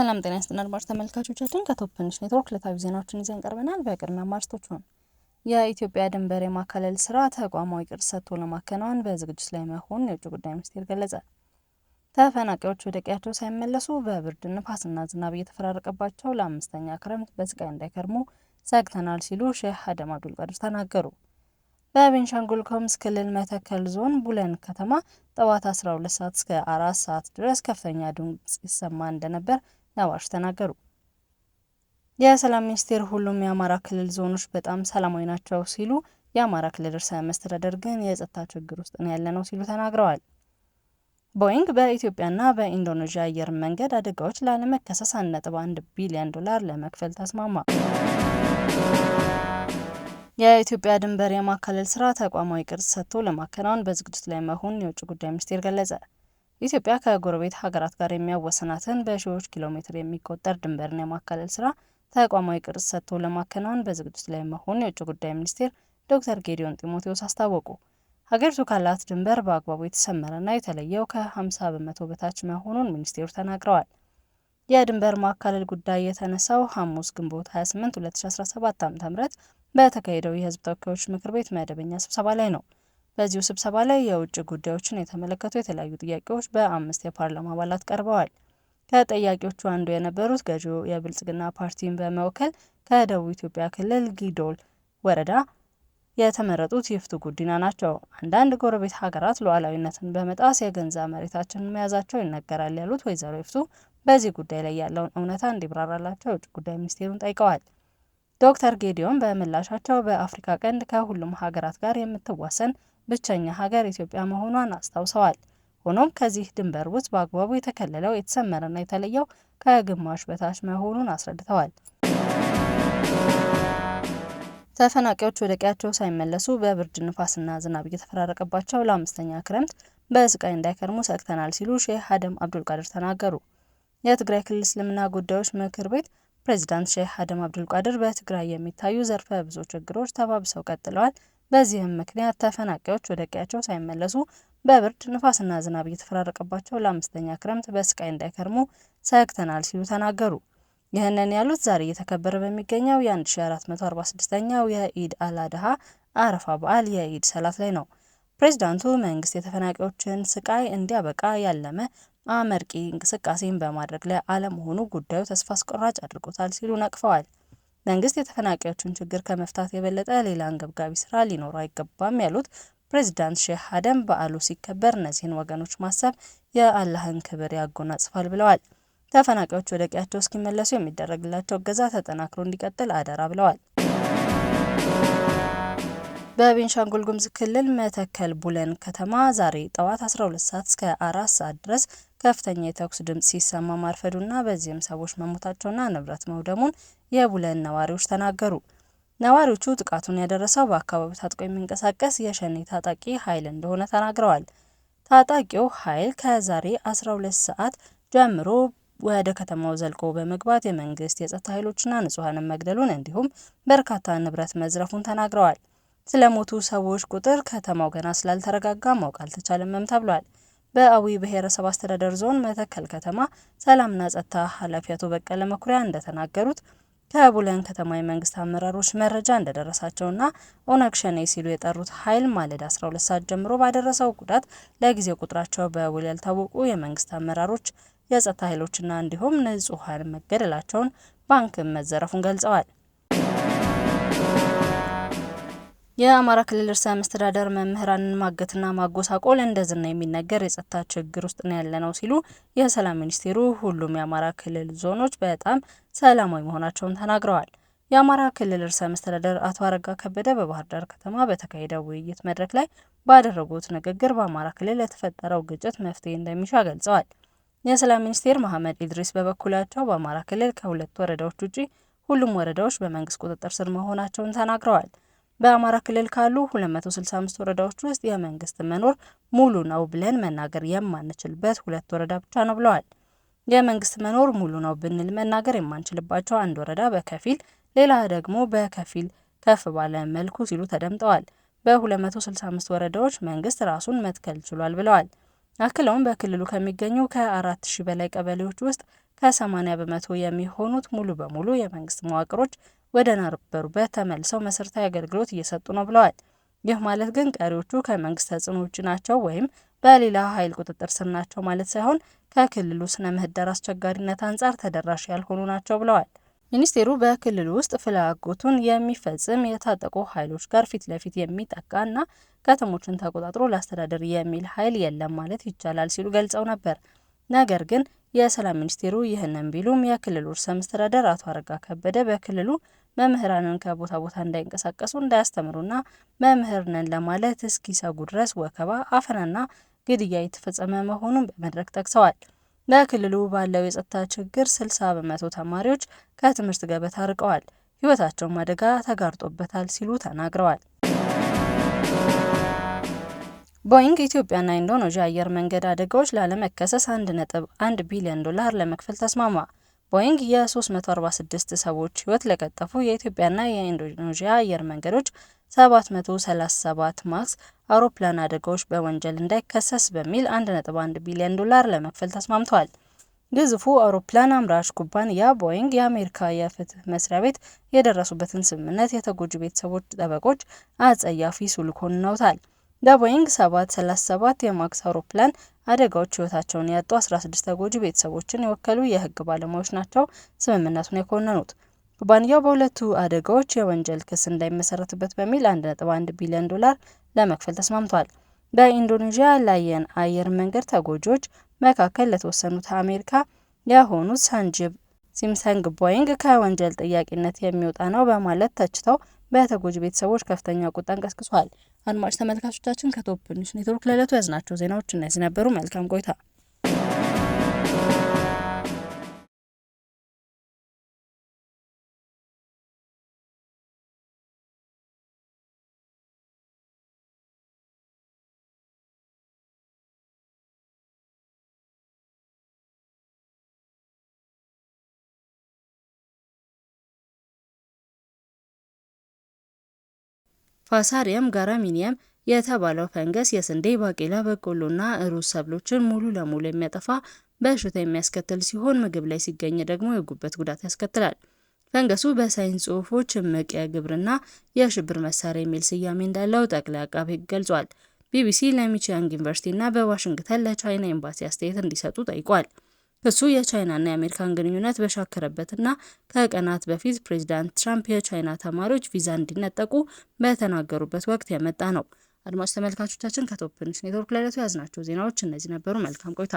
ሰላም ጤና ይስጥልን አድማጭ ተመልካቾቻችን ከቶፕንሽ ኔትወርክ ዕለታዊ ዜናዎችን ይዘን ቀርበናል። በቅድሚያ ማርስቶች ሆን የኢትዮጵያ ድንበር የማካለል ስራ ተቋማዊ ቅርጽ ሰጥቶ ለማከናወን በዝግጅት ላይ መሆኑን የውጭ ጉዳይ ሚኒስቴር ገለጸ። ተፈናቃዮች ወደ ቀያቸው ሳይመለሱ በብርድ ንፋስና ዝናብ እየተፈራረቀባቸው ለአምስተኛ ክረምት በስቃይ እንዳይከርሙ ሰግተናል ሲሉ ሼህ አደም አብዱልቃድር ተናገሩ። በቤንሻንጉል ጉሙዝ ክልል መተከል ዞን ቡለን ከተማ ጠዋት 12 ሰዓት እስከ 4 ሰዓት ድረስ ከፍተኛ ድምፅ ይሰማ እንደነበር ነዋሽ ተናገሩ። የሰላም ሚኒስቴር ሁሉም የአማራ ክልል ዞኖች በጣም ሰላማዊ ናቸው ሲሉ የአማራ ክልል ርዕሰ መስተዳደር ግን የጸጥታ ችግር ውስጥ ነው ያለ ነው ሲሉ ተናግረዋል። ቦይንግ በኢትዮጵያና በኢንዶኔዥያ አየር መንገድ አደጋዎች ላለመከሰስ 1.1 ቢሊዮን ዶላር ለመክፈል ተስማማ። የኢትዮጵያ ድንበር የማካለል ስራ ተቋማዊ ቅርጽ ሰጥቶ ለማከናወን በዝግጅት ላይ መሆኑን የውጭ ጉዳይ ሚኒስቴር ገለጸ። ኢትዮጵያ ከጎረቤት ሀገራት ጋር የሚያዋስናትን በሺዎች ኪሎ ሜትር የሚቆጠር ድንበርን የማካለል ስራ ተቋማዊ ቅርጽ ሰጥቶ ለማከናወን በዝግጅት ላይ መሆኑን የውጭ ጉዳይ ሚኒስቴር ዶክተር ጌዲዮን ጢሞቴዎስ አስታወቁ። ሀገሪቱ ካላት ድንበር በአግባቡ የተሰመረና የተለየው ከ50 በመቶ በታች መሆኑን ሚኒስቴሩ ተናግረዋል። የድንበር ማካለል ጉዳይ የተነሳው ሐሙስ ግንቦት 28 2017 ዓ.ም በተካሄደው የህዝብ ተወካዮች ምክር ቤት መደበኛ ስብሰባ ላይ ነው። በዚሁ ስብሰባ ላይ የውጭ ጉዳዮችን የተመለከቱ የተለያዩ ጥያቄዎች በአምስት የፓርላማ አባላት ቀርበዋል። ከጠያቂዎቹ አንዱ የነበሩት ገዢው የብልጽግና ፓርቲን በመወከል ከደቡብ ኢትዮጵያ ክልል ጊዶል ወረዳ የተመረጡት ይፍቱ ጉዲና ናቸው። አንዳንድ ጎረቤት ሀገራት ሉዓላዊነትን በመጣስ የገንዛ መሬታችንን መያዛቸው ይነገራል ያሉት ወይዘሮ ይፍቱ በዚህ ጉዳይ ላይ ያለውን እውነታ እንዲብራራላቸው የውጭ ጉዳይ ሚኒስቴሩን ጠይቀዋል። ዶክተር ጌዲዮን በምላሻቸው በአፍሪካ ቀንድ ከሁሉም ሀገራት ጋር የምትዋሰን ብቸኛ ሀገር ኢትዮጵያ መሆኗን አስታውሰዋል። ሆኖም ከዚህ ድንበር ውስጥ በአግባቡ የተከለለው የተሰመረና የተለየው ከግማሽ በታች መሆኑን አስረድተዋል። ተፈናቂዎች ወደ ቀያቸው ሳይመለሱ በብርድ ንፋስና ዝናብ እየተፈራረቀባቸው ለአምስተኛ ክረምት በስቃይ እንዳይከርሙ ሰግተናል ሲሉ ሼህ ሀደም አብዱልቃድር ተናገሩ። የትግራይ ክልል እስልምና ጉዳዮች ምክር ቤት ፕሬዚዳንት ሼህ ሀደም አብዱልቃድር በትግራይ የሚታዩ ዘርፈ ብዙ ችግሮች ተባብሰው ቀጥለዋል፣ በዚህም ምክንያት ተፈናቃዮች ወደ ቀያቸው ሳይመለሱ በብርድ ንፋስና ዝናብ እየተፈራረቀባቸው ለአምስተኛ ክረምት በስቃይ እንዳይከርሙ ሰግተናል ሲሉ ተናገሩ። ይህንን ያሉት ዛሬ እየተከበረ በሚገኘው የ1446ኛው የኢድ አልአድሃ አረፋ በዓል የኢድ ሰላት ላይ ነው። ፕሬዚዳንቱ መንግስት የተፈናቃዮችን ስቃይ እንዲያበቃ ያለመ አመርቂ እንቅስቃሴን በማድረግ ላይ አለመሆኑ ጉዳዩ ተስፋ አስቆራጭ አድርጎታል ሲሉ ነቅፈዋል። መንግስት የተፈናቃዮችን ችግር ከመፍታት የበለጠ ሌላ አንገብጋቢ ስራ ሊኖረው አይገባም ያሉት ፕሬዚዳንት ሼህ አደም በዓሉ ሲከበር እነዚህን ወገኖች ማሰብ የአላህን ክብር ያጎናጽፋል ብለዋል። ተፈናቃዮች ወደ ቀያቸው እስኪመለሱ የሚደረግላቸው እገዛ ተጠናክሮ እንዲቀጥል አደራ ብለዋል። በቤንሻንጉል ጉምዝ ክልል መተከል ቡለን ከተማ ዛሬ ጠዋት 12 ሰዓት እስከ አራት ሰዓት ድረስ ከፍተኛ የተኩስ ድምፅ ሲሰማ ማርፈዱና በዚህም ሰዎች መሞታቸውና ንብረት መውደሙን የቡለን ነዋሪዎች ተናገሩ። ነዋሪዎቹ ጥቃቱን ያደረሰው በአካባቢው ታጥቆ የሚንቀሳቀስ የሸኔ ታጣቂ ኃይል እንደሆነ ተናግረዋል። ታጣቂው ኃይል ከዛሬ 12 ሰዓት ጀምሮ ወደ ከተማው ዘልቆ በመግባት የመንግስት የጸጥታ ኃይሎችና ንጹሐንን መግደሉን እንዲሁም በርካታ ንብረት መዝረፉን ተናግረዋል። ስለሞቱ ሰዎች ቁጥር ከተማው ገና ስላልተረጋጋ ማወቅ አልተቻለምም ተብሏል። በአዊ ብሔረሰብ አስተዳደር ዞን መተከል ከተማ ሰላምና ጸጥታ ኃላፊ አቶ በቀለ መኩሪያ እንደተናገሩት ከቡለን ከተማ የመንግስት አመራሮች መረጃ እንደደረሳቸውና ኦነግ ሸኔ ሲሉ የጠሩት ኃይል ማለዳ 12 ሰዓት ጀምሮ ባደረሰው ጉዳት ለጊዜው ቁጥራቸው በውል ያልታወቁ የመንግስት አመራሮች፣ የጸጥታ ኃይሎችና እንዲሁም ንጹሐን መገደላቸውን ባንክ መዘረፉን ገልጸዋል። የአማራ ክልል ርዕሰ መስተዳደር መምህራንን ማገትና ማጎሳቆል እንደ ዝና የሚነገር የጸጥታ ችግር ውስጥ ነው ያለነው ሲሉ የሰላም ሚኒስቴሩ ሁሉም የአማራ ክልል ዞኖች በጣም ሰላማዊ መሆናቸውን ተናግረዋል። የአማራ ክልል ርዕሰ መስተዳደር አቶ አረጋ ከበደ በባህር ዳር ከተማ በተካሄደው ውይይት መድረክ ላይ ባደረጉት ንግግር በአማራ ክልል ለተፈጠረው ግጭት መፍትሄ እንደሚሻ ገልጸዋል። የሰላም ሚኒስቴር መሐመድ ኢድሪስ በበኩላቸው በአማራ ክልል ከሁለት ወረዳዎች ውጪ ሁሉም ወረዳዎች በመንግስት ቁጥጥር ስር መሆናቸውን ተናግረዋል። በአማራ ክልል ካሉ 265 ወረዳዎች ውስጥ የመንግስት መኖር ሙሉ ነው ብለን መናገር የማንችልበት ሁለት ወረዳ ብቻ ነው ብለዋል። የመንግስት መኖር ሙሉ ነው ብንል መናገር የማንችልባቸው አንድ ወረዳ በከፊል ሌላ ደግሞ በከፊል ከፍ ባለ መልኩ ሲሉ ተደምጠዋል። በ265 ወረዳዎች መንግስት ራሱን መትከል ችሏል ብለዋል። አክለውም በክልሉ ከሚገኙ ከ4000 በላይ ቀበሌዎች ውስጥ ከ80 በመቶ የሚሆኑት ሙሉ በሙሉ የመንግስት መዋቅሮች ወደ ነበሩበት ተመልሰው መሰረታዊ አገልግሎት እየሰጡ ነው ብለዋል። ይህ ማለት ግን ቀሪዎቹ ከመንግስት ተጽዕኖ ውጭ ናቸው ወይም በሌላ ኃይል ቁጥጥር ስር ናቸው ማለት ሳይሆን ከክልሉ ስነ ምህዳር አስቸጋሪነት አንጻር ተደራሽ ያልሆኑ ናቸው ብለዋል። ሚኒስቴሩ በክልሉ ውስጥ ፍላጎቱን የሚፈጽም የታጠቁ ኃይሎች ጋር ፊት ለፊት የሚጠቃና ከተሞችን ተቆጣጥሮ ላስተዳደር የሚል ኃይል የለም ማለት ይቻላል ሲሉ ገልጸው ነበር። ነገር ግን የሰላም ሚኒስቴሩ ይህንን ቢሉም የክልሉ ርዕሰ መስተዳደር አቶ አረጋ ከበደ በክልሉ መምህራንን ከቦታ ቦታ እንዳይንቀሳቀሱ እንዳያስተምሩና እና ነን ለማለት እስኪሰጉ ድረስ ወከባ፣ አፈናና ግድያ የተፈጸመ መሆኑን በመድረክ ጠቅሰዋል። በክልሉ ባለው የጸጥታ ችግር 60 በመቶ ተማሪዎች ከትምህርት ገበታ ርቀዋል፣ ህይወታቸውም አደጋ ተጋርጦበታል ሲሉ ተናግረዋል። ቦይንግ ኢትዮጵያና ኢንዶኔዥያ አየር መንገድ አደጋዎች ላለመከሰስ 1.1 ቢሊዮን ዶላር ለመክፈል ተስማማ። ቦይንግ የ346 ሰዎች ሕይወት ለቀጠፉ የኢትዮጵያና የኢንዶኔዥያ አየር መንገዶች 737 ማክስ አውሮፕላን አደጋዎች በወንጀል እንዳይከሰስ በሚል 1.1 ቢሊዮን ዶላር ለመክፈል ተስማምተዋል። ግዙፉ አውሮፕላን አምራች ኩባንያ ቦይንግ የአሜሪካ የፍትህ መስሪያ ቤት የደረሱበትን ስምምነት የተጎጂ ቤተሰቦች ጠበቆች አጸያፊ ሱልኮን ነውታል። ለቦይንግ 737 የማክስ አውሮፕላን አደጋዎች ህይወታቸውን ያጡ 16 ተጎጂ ቤተሰቦችን የወከሉ የህግ ባለሙያዎች ናቸው ስምምነቱን የኮነኑት። ኩባንያው በሁለቱ አደጋዎች የወንጀል ክስ እንዳይመሰረትበት በሚል 1.1 ቢሊዮን ዶላር ለመክፈል ተስማምቷል። በኢንዶኔዥያ ላየን አየር መንገድ ተጎጂዎች መካከል ለተወሰኑት አሜሪካ የሆኑት ሳንጂብ ሲምሰንግ ቦይንግ ከወንጀል ጥያቄነት የሚወጣ ነው በማለት ተችተው በተጎጂ ቤተሰቦች ከፍተኛ ቁጣን ቀስቅሷል። አድማጭ ተመልካቾቻችን ከቶፕ ኒውስ ኔትወርክ ለዕለቱ ያዝናቸው ዜናዎች እነዚህ ነበሩ። መልካም ቆይታ ፋሳሪያም ጋራሚኒየም የተባለው ፈንገስ የስንዴ፣ ባቄላ፣ በቆሎና ሩዝ ሰብሎችን ሙሉ ለሙሉ የሚያጠፋ በሽታ የሚያስከትል ሲሆን ምግብ ላይ ሲገኝ ደግሞ የጉበት ጉዳት ያስከትላል። ፈንገሱ በሳይንስ ጽሑፎች እምቅ የግብርና የሽብር መሳሪያ የሚል ስያሜ እንዳለው ጠቅላይ አቃቤ ሕግ ገልጿል። ቢቢሲ ለሚቺጋን ዩኒቨርሲቲና በዋሽንግተን ለቻይና ኤምባሲ አስተያየት እንዲሰጡ ጠይቋል። ክሱ የቻይናና የአሜሪካን ግንኙነት በሻከረበትና ከቀናት በፊት ፕሬዚዳንት ትራምፕ የቻይና ተማሪዎች ቪዛ እንዲነጠቁ በተናገሩበት ወቅት የመጣ ነው። አድማጭ ተመልካቾቻችን ከቶፕ ኔትወርክ ለዕለቱ ያዝናቸው ዜናዎች እነዚህ ነበሩ። መልካም ቆይታ